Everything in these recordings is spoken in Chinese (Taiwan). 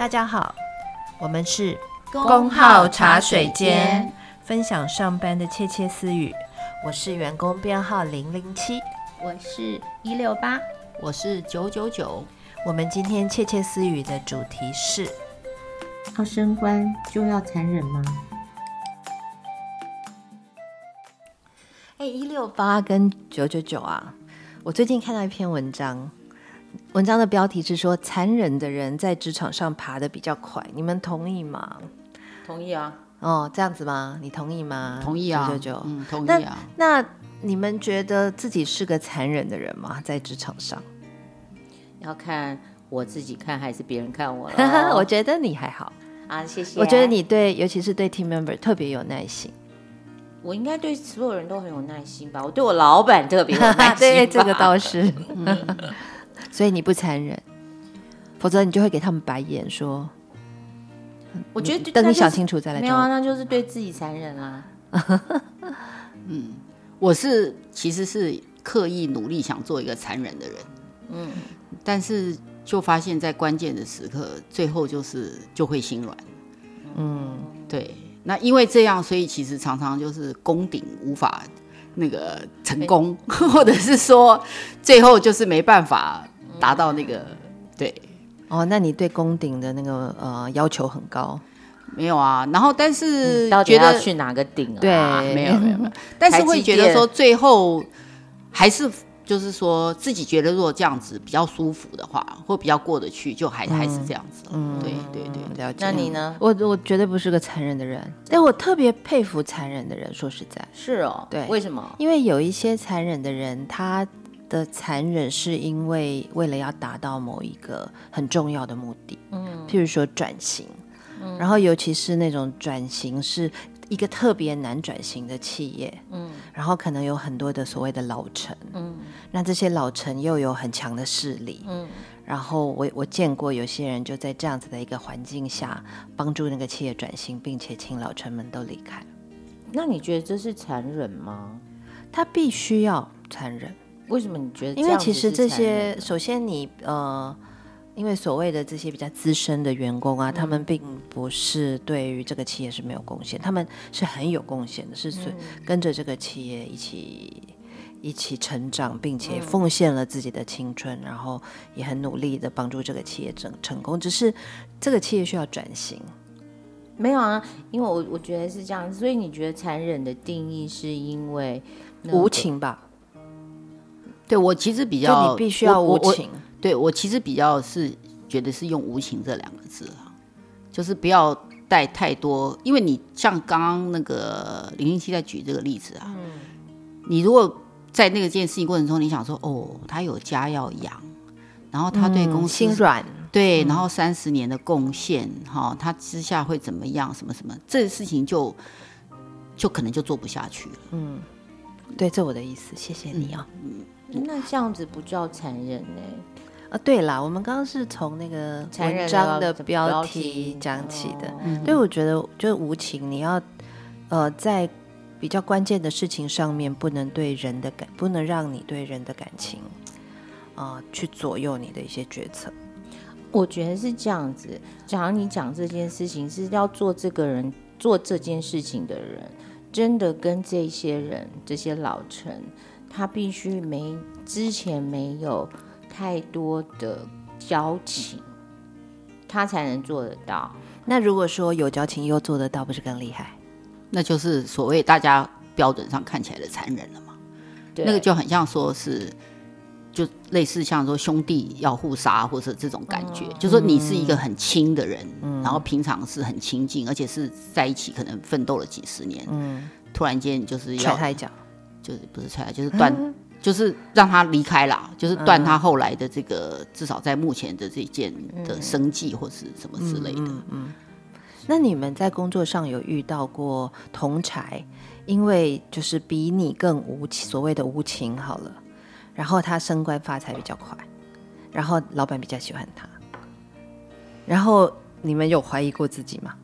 大家好，我們是工號茶水間，水間分享上班的竊竊私語。我是員工編號零零七，我是一六八，我是九九九。我們今天竊竊私語的主題是：要升官就要殘忍嗎？哎，一六八跟九九九啊，我最近看到一篇文章。文章的標題是說，殘忍的人在職場上爬得比較快。你們同意嗎？同意啊。哦，這樣子嗎？你同意嗎？同意啊。就，就就，嗯，同意啊。那，那你們覺得自己是個殘忍的人嗎？在職場上？要看我自己看還是別人看我 我覺得你還好啊，謝謝。我覺得你對，尤其是對 team member 特別有耐心。我應該對所有人都很有耐心吧？我對我老板特別好。 對，這個倒是。 所以你不殘忍，否則你就會給他們白眼。說，我覺得等你，你想清楚、就是、再來。沒有、啊，那就是對自己殘忍啊。 嗯，我是其實是刻意努力想做一個殘忍的人。嗯，但是就發現，在關鍵的時刻，最後就是就會心軟。嗯，對。那因為這樣，所以其實常常就是攻頂無法。那個成功，或者是說，最後就是沒辦法達到那個對哦。那你對攻頂的那個呃要求很高？沒有啊，然後但是覺得去哪個頂、啊？對、啊，沒有沒有，沒有，但是會覺得說最後還是。就是說自己覺得如果這樣子比較舒服的話，或比較過得去，就還是、嗯、還是這樣子。嗯，對對對，了解。那你呢？我我絕對不是個殘忍的人，但我特別佩服殘忍的人。說實在，是哦，對。為什麼？因為有一些殘忍的人，他的殘忍是因為為了要達到某一個很重要的目的，嗯，譬如說轉型，嗯、然後尤其是那種轉型是一個特別難轉型的企業，嗯。然後可能有很多的所謂的老臣，嗯，那這些老臣又有很強的勢力，嗯，然後我我見過有些人就在這樣子的一個環境下幫助那個企業轉型，並且請老臣們都離開。那你覺得這是殘忍嗎？他必須要殘忍。為什麼你覺得？因為其實這些，首先你呃。因為所謂的這些比較資深的員工啊，嗯、他們並不是對於這個企業是沒有貢獻，他們是很有貢獻的，是隨、嗯、跟着這個企業一起一起成長，並且奉獻了自己的青春，嗯、然後也很努力的幫助這個企業成成功。只是這個企業需要轉型。沒有啊，因為我我覺得是這樣，所以你覺得殘忍的定義是因為、那個、無情吧？對我其實比較，就你必須要無情。對我其實比較是覺得是用無情這兩個字啊，就是不要帶太多，因為你像剛剛那個零零七在舉這個例子啊，嗯、你如果在那個件事情過程中，你想說哦，他有家要養，然後他對公司、嗯、心軟，對，然後三十年的貢獻哈、嗯哦，他之下會怎麼樣，什麼什麼，這個事情就就可能就做不下去了。嗯，對，這我的意思，謝謝你啊、哦嗯。嗯，嗯那這樣子不叫殘忍呢、欸？啊，對啦，我們剛剛是從那個文章的標題講起的，所以我覺得，就無情，你要，呃，在比較關鍵的事情上面，不能對人的感，不能讓你對人的感情，啊、呃，去左右你的一些決策。我覺得是這樣子，假如你講這件事情是要做這個人做這件事情的人，真的跟這些人這些老臣，他必須沒之前沒有。太多的交情，嗯、他才能做得到。那如果說有交情又做得到，不是更厲害？那就是所謂大家標準上看起來的殘忍了嘛？對，那個就很像說是，就類似像說兄弟要互殺或者這種感覺，嗯、就是說你是一個很親的人，嗯、然後平常是很親近，嗯、而且是在一起可能奮鬥了幾十年，嗯，突然間就是要踩一腳，就是不是踩，就是斷。嗯就是讓他離開了，就是斷他後來的這個，嗯、至少在目前的這一件的生計或者是什麼之類的嗯嗯。嗯，那你們在工作上有遇到過同儕，因為就是比你更無所謂的無情好了，然後他升官發財比較快，然後老板比較喜歡他，然後你們有懷疑過自己嗎？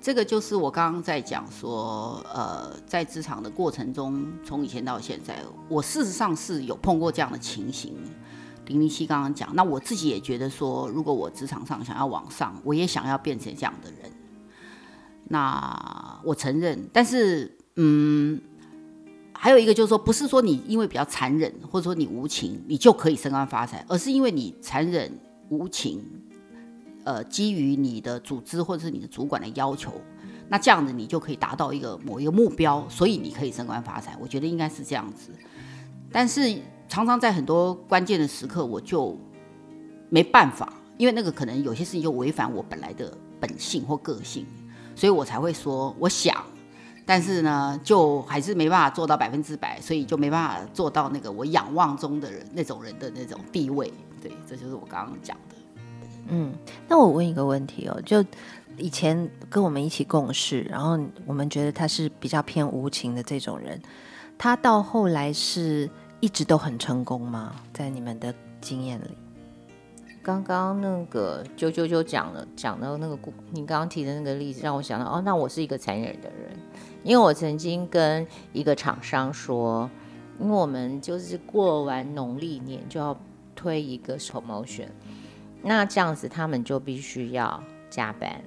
這個就是我剛剛在講說，呃，在職場的過程中，從以前到現在，我事實上是有碰過這樣的情形。零零七剛剛講，那我自己也覺得說，如果我職場上想要往上，我也想要變成這樣的人。那我承認，但是，嗯，還有一個就是說，不是說你因為比較殘忍，或者說你無情，你就可以升官發財，而是因為你殘忍無情。呃，基於你的組織或者是你的主管的要求，那這樣子你就可以達到一個某一個目標，所以你可以升官發財。我覺得應該是這樣子，但是常常在很多關鍵的時刻，我就沒辦法，因為那個可能有些事情就違反我本來的本性或個性，所以我才會說我想，但是呢，就還是沒辦法做到百分之百，所以就沒辦法做到那個我仰望中的人那種人的那種地位。對，這就是我剛剛講的。嗯，那我問一個問題哦，就以前跟我們一起共事，然後我們覺得他是比較偏無情的這種人，他到後來是一直都很成功嗎？在你們的經驗裡，剛剛那個舅舅就九九講了，講到那個，你剛剛提的那個例子，讓我想到哦，那我是一個殘忍的人，因為我曾經跟一個廠商說，因為我們就是過完農曆年就要推一個 promotion。那這樣子，他們就必須要加班。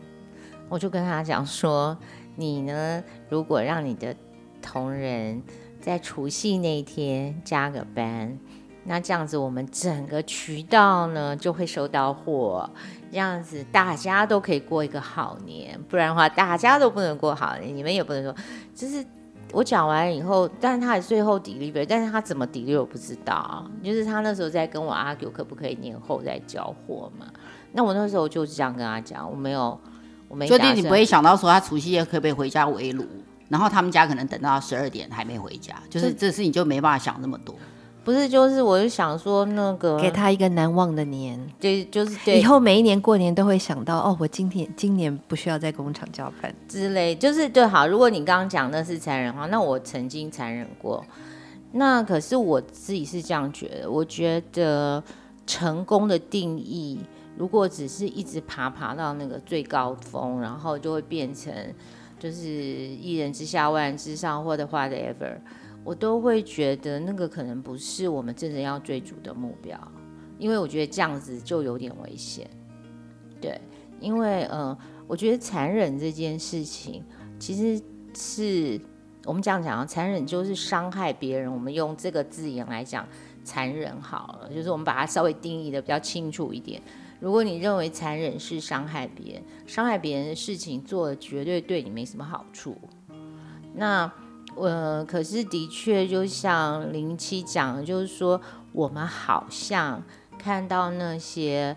我就跟他講說：“你呢，如果讓你的同仁在除夕那一天加個班，那這樣子我們整個渠道呢就會收到貨，這樣子大家都可以過一個好年。不然的話，大家都不能過好年，你們也不能說，就是。”我講完以後，但是他也最後抵了一杯，但是他怎麼抵 e l 我不知道啊。就是他那時候在跟我 argue 可不可以年後再交貨嘛？那我那時候就這樣跟他講，我沒有，我沒。就弟，你不會想到說他除夕夜可不可以回家圍爐？然後他們家可能等到十二點還沒回家，就是這事情就沒辦法想那麼多。不是，就是我就想說那個，給他一個難忘的年，對，就是對以後每一年過年都會想到哦，我今年今年不需要在工廠加班之類，就是對好。如果你剛剛講那是殘忍的話，那我曾經殘忍過，那可是我自己是這樣覺得。我覺得成功的定義，如果只是一直爬爬到那個最高峰，然後就會變成就是一人之下萬人之上，或者 whatever。我都會覺得那個可能不是我們真正要追逐的目標，因為我覺得這樣子就有點危險。對，因為呃，我覺得殘忍這件事情其實是我們這樣講講啊，殘忍就是傷害別人。我們用這個字眼來講殘忍好了，就是我們把它稍微定義的比較清楚一點。如果你認為殘忍是傷害別人，傷害別人的事情做的絕對對你沒什麼好處。那。呃、嗯，可是的確，就像零七講的，就是說，我們好像看到那些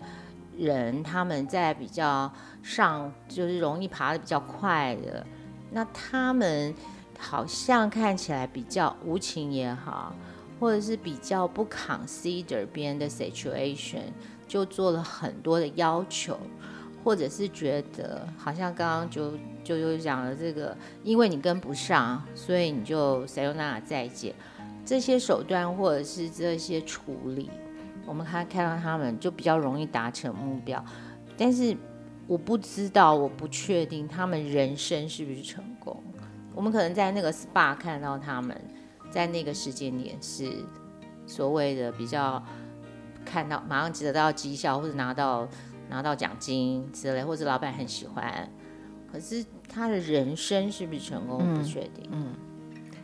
人，他們在比較上，就是容易爬得比較快的，那他們好像看起來比較無情也好，或者是比較不 consider 別人的 situation，就做了很多的要求。或者是覺得好像剛剛就就就講了這個，因為你跟不上，所以你就塞又娜娜再見。這些手段或者是這些處理，我們看看到他們就比較容易達成目標。但是我不知道，我不確定他們人生是不是成功。我們可能在那個 SPA 看到他們，在那個時間點是所謂的比較看到，馬上值得到績效或者拿到。拿到獎金之類，或者老闆很喜歡，可是他的人生是不是成功？嗯、不確定。嗯，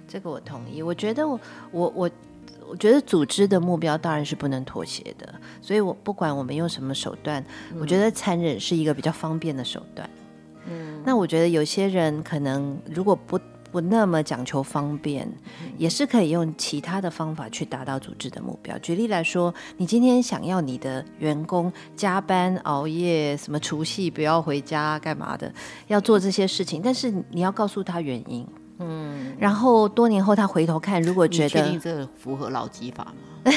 這個我同意。我覺得我我我，我覺得組織的目標當然是不能妥協的。所以我不管我們用什麼手段，嗯、我覺得殘忍是一個比較方便的手段。嗯，那我覺得有些人可能如果不。不那麼講求方便，嗯、也是可以用其他的方法去達到組織的目標。舉例來說，你今天想要你的員工加班熬夜，什麼除夕不要回家幹嘛的，要做這些事情，但是你要告訴他原因。嗯，然後多年後他回頭看，如果覺得這符合勞基法嗎？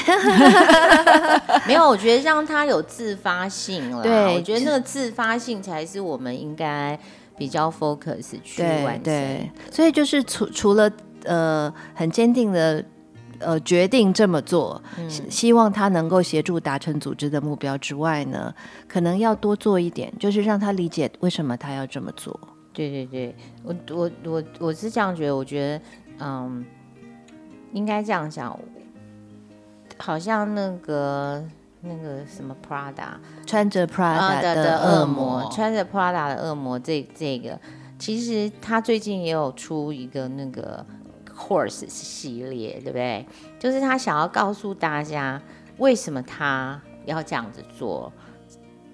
沒有，我覺得讓他有自發性了。對，我覺得那個自發性才是我們應該。比較 focus 去完成，對，對，所以就是除除了，呃，很堅定的呃決定這麼做，嗯、希望他能夠協助達成組織的目標之外呢，可能要多做一點，就是讓他理解為什麼他要這麼做。對對對，我我我我是這樣覺得，我覺得嗯，應該這樣想，好像那個。那個什麼 Prada，穿着 Prada 的惡魔，啊、惡魔穿着 Prada 的惡魔這，這這個其實他最近也有出一個那個 horse 系列，對不對？就是他想要告訴大家為什麼他要這樣子做。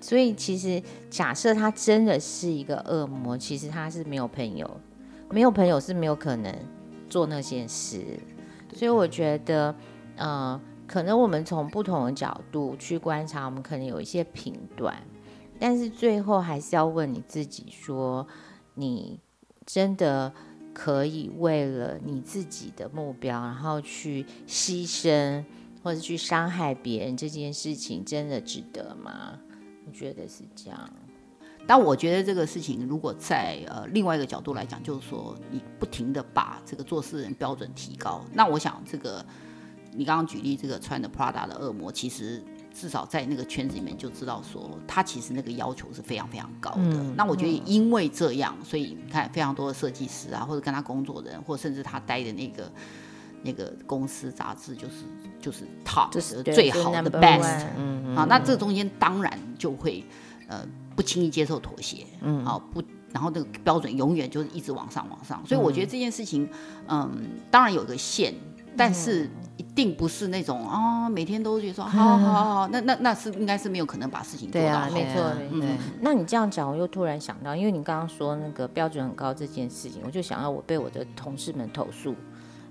所以其實假設他真的是一個惡魔，其實他是沒有朋友，沒有朋友是沒有可能做那件事。所以我覺得，嗯、呃。可能我們從不同的角度去觀察，我們可能有一些評斷，但是最後還是要問你自己說：說你真的可以為了你自己的目標，然後去犧牲或者去傷害別人這件事情，真的值得嗎？我覺得是這樣。但我覺得這個事情，如果在呃另外一個角度來講，就是說你不停地把這個做事人標準提高，那我想這個。你剛剛舉例這個穿的 Prada 的惡魔，其實至少在那個圈子裡面就知道說，他其實那個要求是非常非常高的。嗯、那我覺得因為這樣，嗯、所以你看，非常多的設計師啊，或者跟他工作人，或者甚至他待的那個那個公司雜誌，就是，就是就是 top 就是最好的 best number one .、嗯嗯、啊。嗯、那這中間當然就會呃不輕易接受妥協，嗯、啊不，然後那個標準永遠就是一直往上往上。所以我覺得這件事情，嗯，當然有個線。但是一定不是那種哦，每天都覺得說好好好，那那那是應該是沒有可能把事情做到好。沒錯，嗯。那你這樣講，我又突然想到，因為你剛剛說那個標準很高這件事情，我就想到我被我的同事們投訴，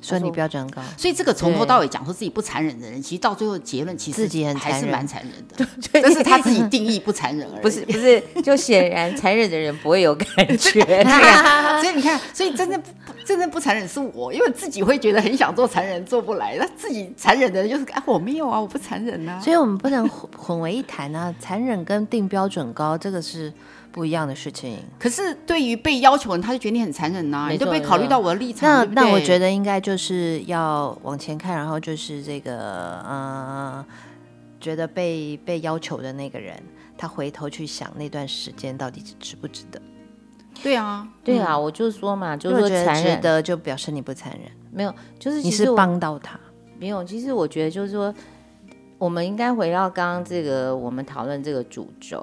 說你標準很高。所以這個從頭到尾講說自己不殘忍的人，其實到最後結論其實自己很還是蠻殘忍的。就是他自己定義不殘忍而已。不是不是，就顯然殘忍的人不會有感覺。所以你看，所以真的。真正不殘忍是我，因為自己會覺得很想做殘忍，做不來。那自己殘忍的，就是哎，我沒有啊，我不殘忍啊。所以我們不能混為一談啊， 殘忍跟定標準高這個是不一樣的事情。可是對於被要求人，他就覺得你很殘忍吶、啊，沒錯，你都沒考慮到我的立場。那對對那，那我覺得應該就是要往前看，然後就是這個，嗯、呃，覺得被被要求的那個人，他回頭去想那段時間到底值不值得。對啊，對啊，嗯、我就說嘛，就是說殘，覺得，值得就表示你不殘忍，沒有，就是你是幫到他，沒有。其實我覺得就是說，我們應該回到剛剛這個，我們討論這個主軸，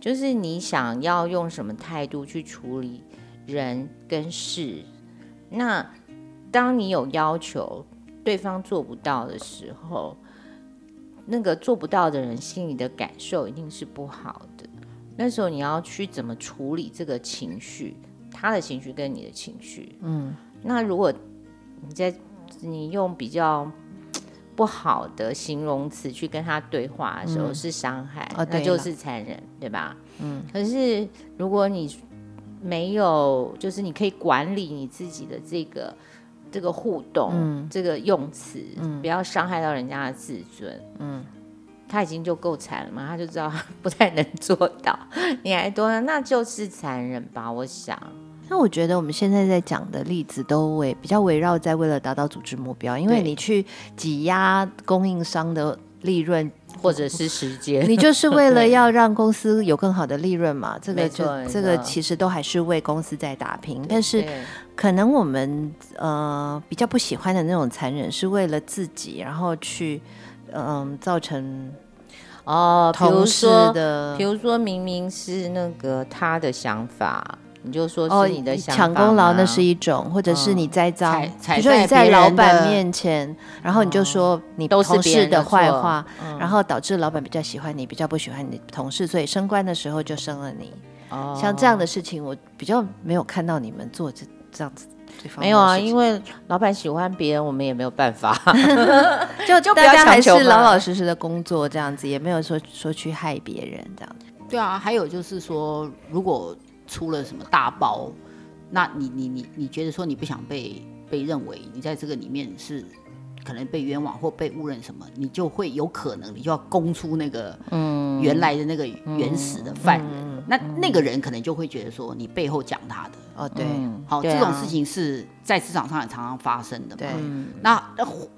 就是你想要用什麼態度去處理人跟事。那當你有要求對方做不到的時候，那個做不到的人心裡的感受一定是不好的。那時候你要去怎麼處理這個情緒？他的情緒跟你的情緒，嗯，那如果你在你用比較不好的形容詞去跟他對話的時候是傷害，嗯，哦，那就是殘忍，對吧？嗯，可是如果你沒有，就是你可以管理你自己的這個這個互動，嗯，這個用詞，嗯，不要傷害到人家的自尊，嗯。他已經就夠慘了嘛，他就知道他不太能做到，你還多，那就是殘忍吧？我想，那我覺得我們現在在講的例子都圍比較圍繞在為了達到組織目標，因為你去擠壓供應商的利潤對或者是時間，你就是為了要讓公司有更好的利潤嘛？ 這個就錯這個其實都還是為公司在打拼，對但是可能我們呃比較不喜歡的那種殘忍，是為了自己然後去。嗯，造成哦，同事的比如說，比如說明明是那個他的想法，你就說是你的想法，哦、搶功勞，那是一種，嗯、或者是你栽贓，在比如說你在老闆面前，然後你就說你同事的壞話，嗯、然後導致老闆比較喜歡你，比較不喜歡你同事，所以升官的時候就升了你。哦、嗯，像這樣的事情，我比較沒有看到你們做這這樣子。方，沒有啊，因為老闆喜歡別人，我們也沒有辦法。 就就大家還是老老實實的工作這樣子，也沒有說說去害別人這樣子。對啊，還有就是說，如果出了什麼大包，那你你你你覺得說你不想被被認為你在這個裡面是可能被冤枉或被誤認什麼，你就會有可能你就要供出那個嗯原來的那個原始的犯人。嗯嗯嗯嗯。那那個人可能就會覺得說你背後講他的哦，對，好、嗯啊、這種事情是在職場上也常常發生的嘛。對，那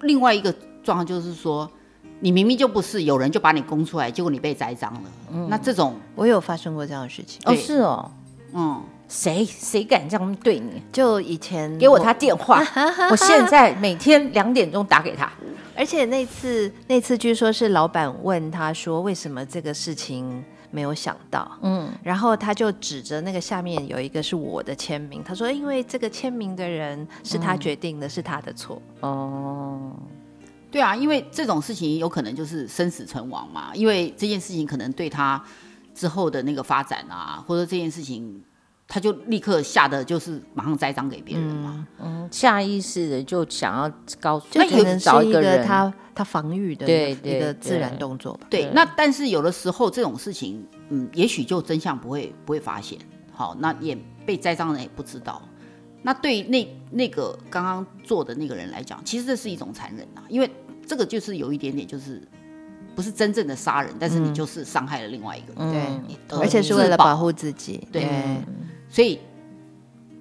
另外一個狀況就是說，你明明就不是，有人就把你供出來，結果你被栽贓了。嗯、那這種我有發生過這樣的事情對哦，是哦，嗯，誰誰敢這樣對你？就以前我給我他電話， 我現在每天兩點鐘打給他。而且那次那次據說是老闆問他說為什麼這個事情。沒有想到，嗯，然後他就指着那個下面有一個是我的簽名，他說：“因為這個簽名的人是他決定的，是他的錯。”嗯，哦，對啊，因為這種事情有可能就是生死存亡嘛，因為這件事情可能對他之後的那個發展啊，或者這件事情，他就立刻嚇得就是馬上栽贓給別人嘛，嗯，嗯，下意識的就想要告訴，那可能找一個人他。他防禦的一個自然動作吧。對，對，對，對，對，那但是有的時候這種事情，嗯，也許就真相不會不會發現。好，那也被栽贓的人也不知道。那對那那個剛剛做的那個人來講，其實這是一種殘忍啊，因為這個就是有一點點，就是不是真正的殺人，但是你就是傷害了另外一個人。嗯、對，嗯、而且是為了保護自己。對，嗯、所以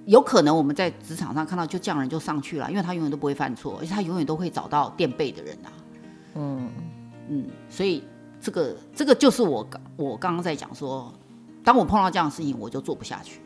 有可能我們在職場上看到，就匠人就上去了，因為他永遠都不會犯錯，而且他永遠都會找到墊背的人啊。嗯嗯，所以這個這個就是我剛我剛剛在講說，當我碰到這樣的事情，我就做不下去。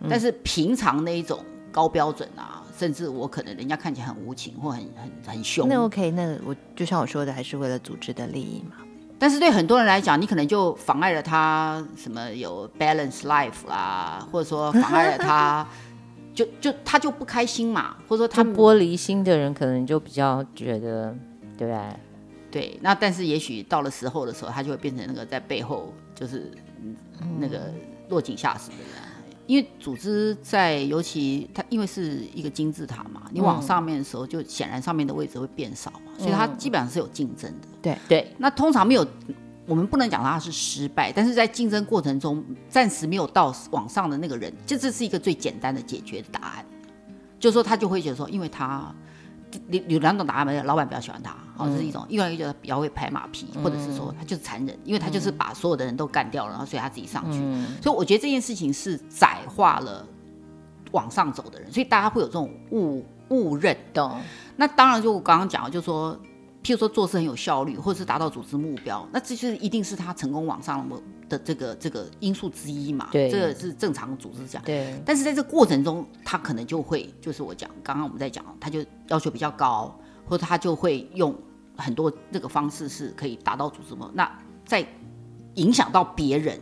嗯、但是平常那一種高標準啊，甚至我可能人家看起來很無情或很很很兇。那 OK，那我就像我說的，還是為了組織的利益嘛。嗯、但是對很多人來講，你可能就妨礙了他什麼有 balance life 啦，或者說妨礙了他， 就就他就不開心嘛，或者說他，他玻璃心的人可能就比較覺得對啊。對，那但是也許到了時候的時候，他就會變成那個在背後就是那個落井下石的人。嗯、因為組織在尤其它因為是一個金字塔嘛，你往上面的時候就顯然上面的位置會變少嘛，嗯、所以它基本上是有競爭的。嗯、對對。那通常沒有，我們不能講它是失敗，但是在競爭過程中暫時沒有到往上的那個人，這這是一個最簡單的解決的答案，就是說他就會覺得說，因為他。有有兩種答案沒有，老闆比較喜歡他，好、嗯哦、這是一種，另外一個就是比較會拍馬屁，嗯、或者是說他就是殘忍，因為他就是把所有的人都幹掉了，嗯、然後所以他自己上去。嗯、所以我覺得這件事情是窄化了往上走的人，所以大家會有這種誤誤認的。嗯、那當然就我剛剛講，就是說。譬如說做事很有效率，或者是達到組織目標，那這就是一定是他成功往上的這個這個因素之一嘛？對，這個是正常組織講。對。但是在這過程中，他可能就會，就是我講剛剛我們在講，他就要求比較高，或者他就會用很多這個方式是可以達到組織目標，那在影響到別人，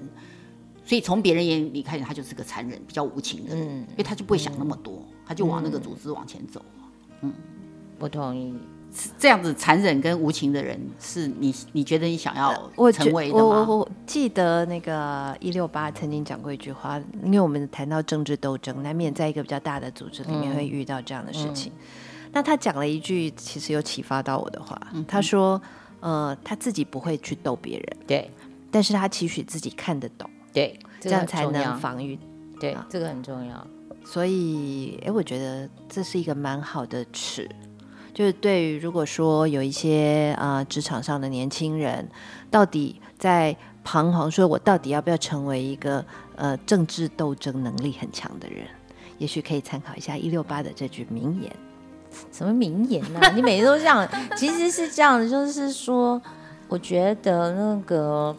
所以從別人眼裡看見他就是個殘忍、比較無情的人，嗯、因為他就不會想那麼多，嗯、他就往那個組織往前走。嗯，嗯，不同意。這樣子殘忍跟無情的人是你，你覺得你想要成為的嗎？我，我，我記得那個一六八曾經講過一句話，因為我們談到政治鬥爭，難免在一個比較大的組織裡面會遇到這樣的事情。嗯嗯、那他講了一句其實有啟發到我的話，嗯、哼他說：“呃，他自己不會去鬥別人，對，但是他期許自己看得懂，對，這樣才能防禦，對，這個很重要。所以，哎、欸，我覺得這是一個蠻好的尺。”就是對於如果說有一些啊、呃、職場上的年輕人，到底在彷徨，說我到底要不要成為一個呃政治鬥爭能力很強的人？也許可以參考一下一六八的這句名言。什麼名言呢、啊？你每次都這樣， 其實是這樣的，就是說，我覺得那個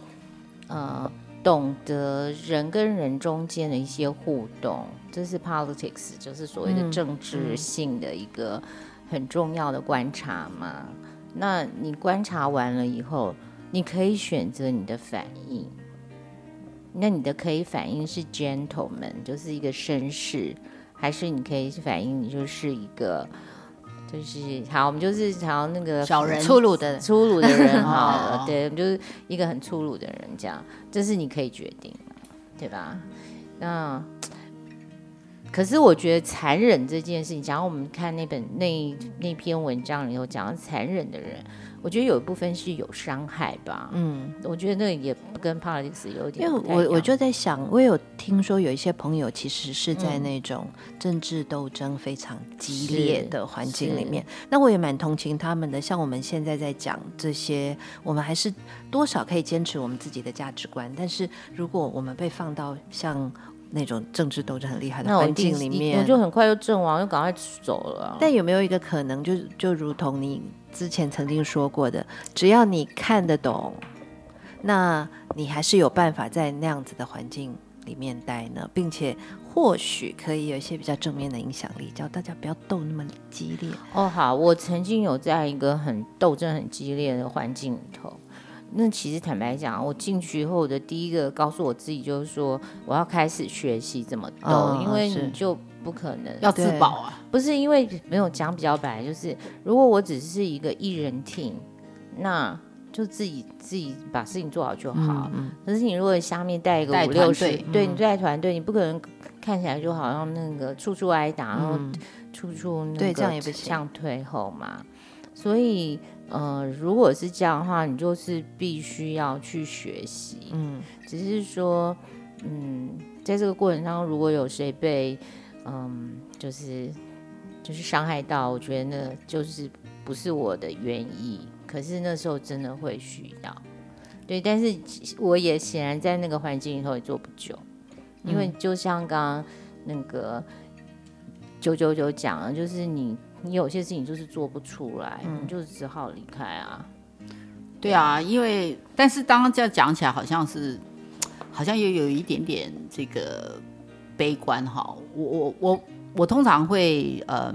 呃，懂得人跟人中間的一些互動，這、就是 politics，就是所謂的政治性的一個。嗯嗯很重要的觀察嘛，那你觀察完了以後，你可以選擇你的反應。那你的可以反應是 gentleman，就是一個紳士，還是你可以反應你就是一個，就是好，我們就是想要那個小人粗魯的人粗魯的人哈， 對，我們就是一個很粗魯的人這樣，這是你可以決定的，對吧？嗯。可是我覺得殘忍這件事情，假如我們看那本那那篇文章裡頭講到殘忍的人，我覺得有一部分是有傷害吧。嗯，我覺得那也不跟帕里斯有點。因為我我就在想，我有聽說有一些朋友其實是在那種政治鬥爭非常激烈的環境裡面，嗯、那我也蠻同情他們的。像我們現在在講這些，我們還是多少可以堅持我們自己的價值觀。但是如果我們被放到像那種政治鬥爭很厲害的環境裡面，我，我就很快就陣亡，就趕快走了。但有沒有一個可能，就就如同你之前曾經說過的，只要你看得懂，那你還是有辦法在那樣子的環境裡面待呢，並且或許可以有一些比較正面的影響力，叫大家不要鬥那麼激烈。哦，好，我曾經有在一個很鬥爭很激烈的環境裡頭。那其實坦白講，我進去以後的第一個告訴我自己就是說，我要開始學習怎麼鬥、嗯、因為你就不可能要自保啊。不是因為沒有講比較白，就是如果我只是一個一人聽，那就自己自己把事情做好就好。嗯嗯、可是你如果下面帶一個五六歲對你帶團隊，你不可能看起來就好像那個處處挨打，嗯、然後處處、那個、對這樣也不行，這樣退後嘛。所以，嗯、呃，如果是這樣的話，你就是必須要去學習，嗯，只是說，嗯，在這個過程當中，如果有誰被，嗯，就是就是傷害到，我覺得那就是不是我的原因，可是那時候真的會需要，對，但是我也顯然在那個環境裡頭也做不久，嗯、因為就像剛剛那個九九九講的，就是你。你有些事情就是做不出來，嗯、你就只好離開啊。對啊，對啊，因為但是剛剛這樣講起來，好像是，好像又有一點點這個悲觀哈。我我我我通常會嗯、呃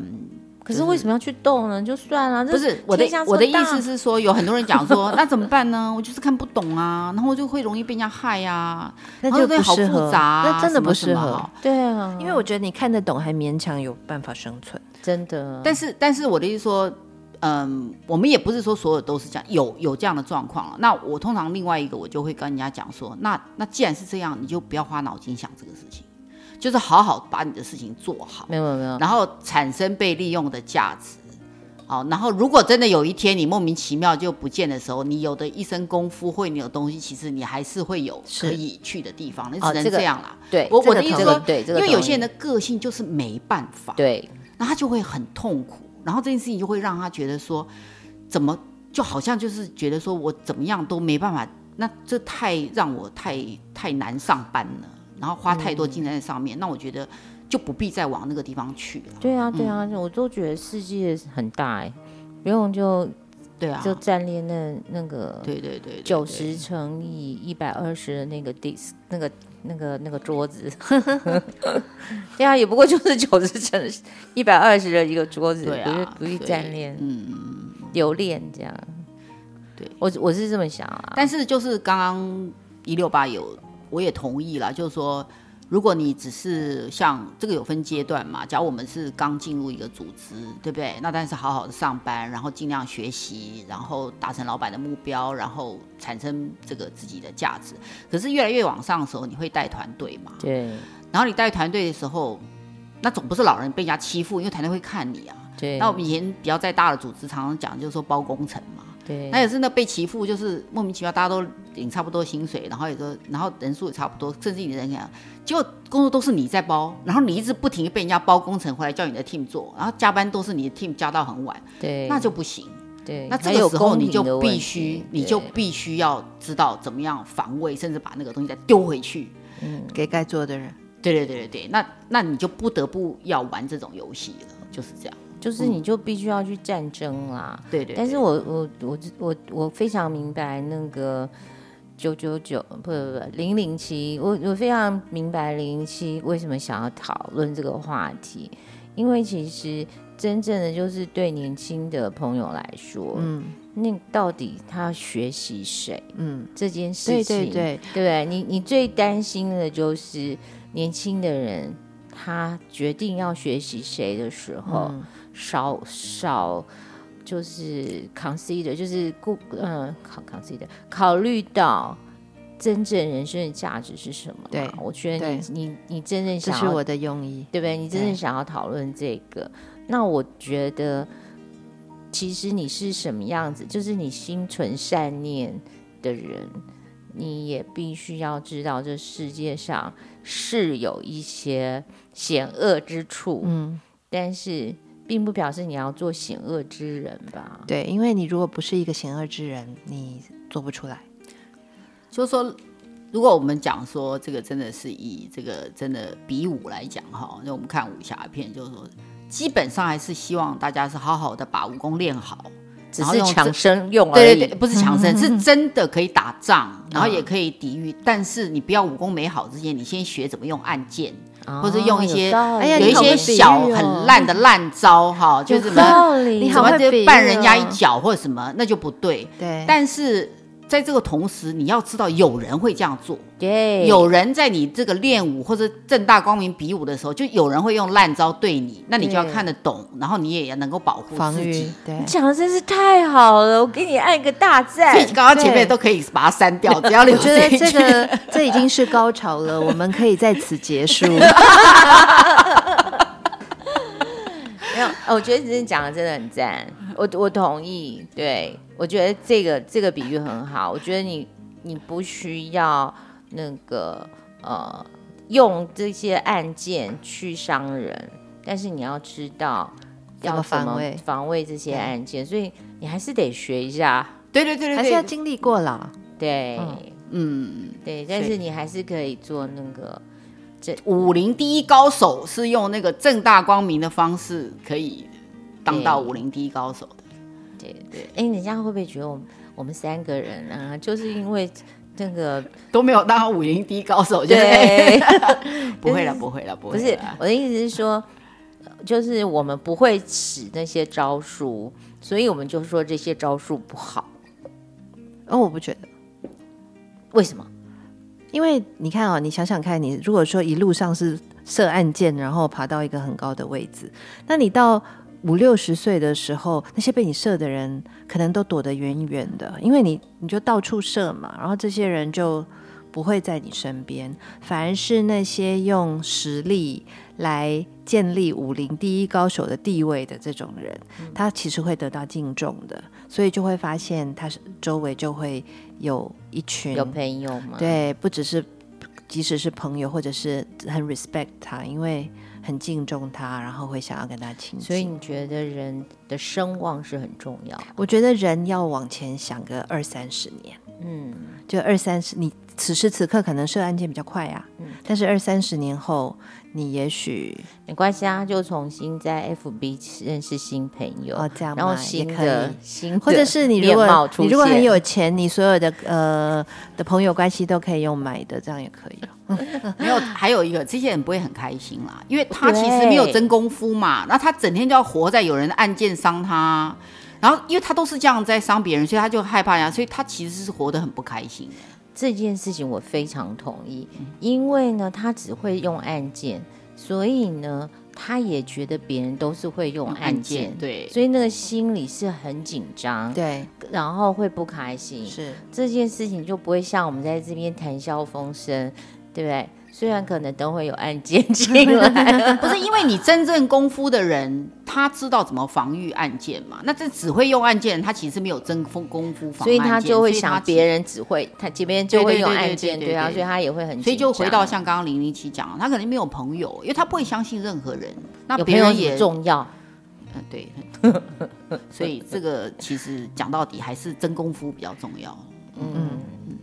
就是、可是為什麼要去動呢？就算了。不是這這我的我的意思是說，有很多人講說， 那怎麼辦呢？我就是看不懂啊，然後我就會容易被人家害呀、啊。那就不適合。啊、那真的不適合。什麼什麼對啊，因為我覺得你看得懂，還勉強有辦法生存。真的、啊，但是但是我的意思說，嗯，我們也不是說所有都是這樣，有有這樣的狀況了、啊。那我通常另外一個我就會跟人家講說，那那既然是這樣，你就不要花腦筋想這個事情，就是好好把你的事情做好，沒有沒有。沒有然後產生被利用的價值，好，然後如果真的有一天你莫名其妙就不見的時候，你有的一身功夫會，或你有東西，其實你還是會有可以去的地方，你是只能這樣了、啊啊。對，我我的意思說，對，因為有些人的個性就是沒辦法。對。那他就會很痛苦，然後這件事情就會讓他覺得說，怎麼就好像就是覺得說我怎麼樣都沒辦法，那這太讓我太太難上班了，然後花太多精力在上面，嗯、那我覺得就不必再往那個地方去了。對啊，對啊，嗯、我都覺得世界很大哎、欸，不用就，對啊，就站立那那個，對對對，對對對，九十乘以一百二十的那個 desk 那個。那個那個桌子， 對啊， 也不過就是九十乘一百二十的一個桌子，不是不是占練，嗯，留戀這樣，對，我我是這麼想啊。但是就是剛剛一六八有，我也同意了，就是說。如果你只是像這個有分階段嘛，假如我們是剛進入一個組織，對不對？那當然是好好的上班，然後盡量學習，然後達成老闆的目標，然後產生這個自己的價值。可是越來越往上的時候，你會帶團隊嘛？對。然後你帶團隊的時候，那總不是老人被人家欺負，因為團隊會看你啊。對。那我們以前比較在大的組織，常常講就是說包工程嘛。對那也是那被欺負，就是莫名其妙，大家都領差不多薪水，然後也說，然後人數也差不多，甚至你人想結果工作都是你在包，然後你一直不停地被人家包工程回來叫你的 team 做，然後加班都是你的 team 加到很晚，對，那就不行，對，那這個時候你就必須，你就必須要知道怎麼樣防衛，甚至把那個東西再丟回去，嗯，給該做的人，對對對對對，那那你就不得不要玩這種遊戲了，就是這樣。就是你就必須要去戰爭啦，對對、嗯。但是我我我我我非常明白那個九九九，不不不，零零七。我我非常明白零零七為什麼想要討論這個話題，嗯、因為其實真正的就是對年輕的朋友來說，嗯，那到底他學習誰，嗯，這件事情，對對對，對？你你最擔心的就是年輕的人。他決定要學習誰的時候，嗯、少少就是 consider，就是顧嗯考 consider，考慮到真正人生的價值是什麼？對，我覺得你對你你真正想要，這是我的用意，對不對？你真正想要討論這個，對那我覺得其實你是什麼樣子，就是你心存善念的人。你也必須要知道，這世界上是有一些險惡之處，嗯，但是並不表示你要做險惡之人吧？對，因為你如果不是一個險惡之人，你做不出來。就說，如果我們講說這個真的是以這個真的比武來講哈，那我們看武俠片，就是說，基本上還是希望大家是好好的把武功練好。是強身用而已用對對對，不是強身，是真的可以打仗，嗯、哼哼然後也可以抵御。但是你不要武功沒好之前，你先學怎麼用暗箭，哦、或者用一些有,有一些小、哎哦、很爛的爛招哈，就什麼你好像、哦、就絆人家一腳或什麼，那就不對。對，但是。在這個同時，你要知道有人會這樣做，對，有人在你這個練武或者正大光明比武的時候，就有人會用爛招對你，對，那你就要看得懂，然後你也要能夠保護自己。對，你講的真是太好了，我給你按個大讚。所以剛剛前面對都可以把它刪掉，只要你覺得這個這已經是高潮了，我們可以在此結束。 沒有、 哦，我覺得你講的真的很贊，我我同意。對，我覺得這個這個比喻很好，我覺得你你不需要那個呃用這些案件去傷人，但是你要知道要防衛防衛這些案件，案件對所以你還是得學一下。對對對對，還是要經歷過了。對，嗯，對，但是你還是可以做那個。武林第一高手是用那個正大光明的方式可以當到武林第一高手的。對對，哎，人家會不會覺得我們我們三個人啊，就是因為這、那個都沒有當武林第一高手，對不對？不會了，不會了，不會。不是，我的意思是說，就是我們不會使那些招數，所以我們就說這些招數不好。而、哦、我不覺得，為什麼？因為你看哦，你想想看，你如果說一路上是射暗箭，然後爬到一個很高的位置，那你到五六十歲的時候，那些被你射的人可能都躲得遠遠的，因為你你就到處射嘛，然後這些人就。不會在你身邊，反而是那些用實力來建立武林第一高手的地位的這種人，嗯、他其實會得到敬重的，所以就會發現他是周圍就會有一群有朋友嘛。對，不只是即使是朋友，或者是很 respect 他，因為很敬重他，然後會想要跟他親近。所以你覺得人的聲望是很重要？我覺得人要往前想個二三十年，嗯，就二三十你。此時此刻可能射暗箭比較快啊，嗯、但是二三十年後，你也許沒關係啊，就重新在 FB 認識新朋友啊、哦，這樣，然後新的，新的或者是你如果你如果很有錢，你所有的呃的朋友關係都可以用買的，這樣也可以、啊。嗯、 沒有，還有一個這些人不會很開心啦，因為他其實沒有真功夫嘛，那對他整天就要活在有人的暗箭傷他，然後因為他都是這樣在傷別人，所以他就害怕呀、啊，所以他其實是活得很不開心。這件事情我非常同意，因為呢，他只會用按鍵，所以呢，他也覺得別人都是會用按鍵、嗯，對，所以那個心裡是很緊張，對，然後會不開心，是這件事情就不會像我們在這邊談笑風生，對不對？雖然可能都會有案件進來， 不是因為你真正功夫的人，他知道怎麼防禦案件嘛。那這只會用案件，他其實沒有真功夫功夫防，所以他就會想別人只會他這邊就會用案件，對啊，所以他也會很。所以就回到像剛剛零零七講，他可能沒有朋友，因為他不會相信任何人。那別人有朋友也重要，嗯，對。 所以這個其實講到底還是真功夫比較重要。嗯，嗯，嗯，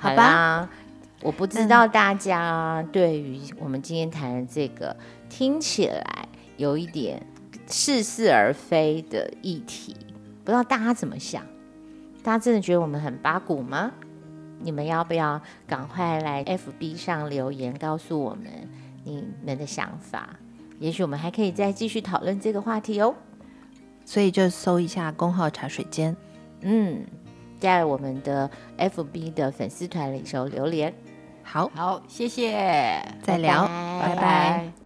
好吧。好吧。我不知道大家對於我們今天談的這個聽起來有一點似是而非的議題，不知道大家怎麼想？大家真的覺得我們很八股嗎？你們要不要趕快來 FB 上留言告訴我們你們的想法？也許我們還可以再繼續討論這個話題哦。所以就搜一下公號“茶水間”，嗯，在我們的 FB 的粉絲團裡頭留言。好好，謝謝，再聊，okay, 拜拜。拜拜。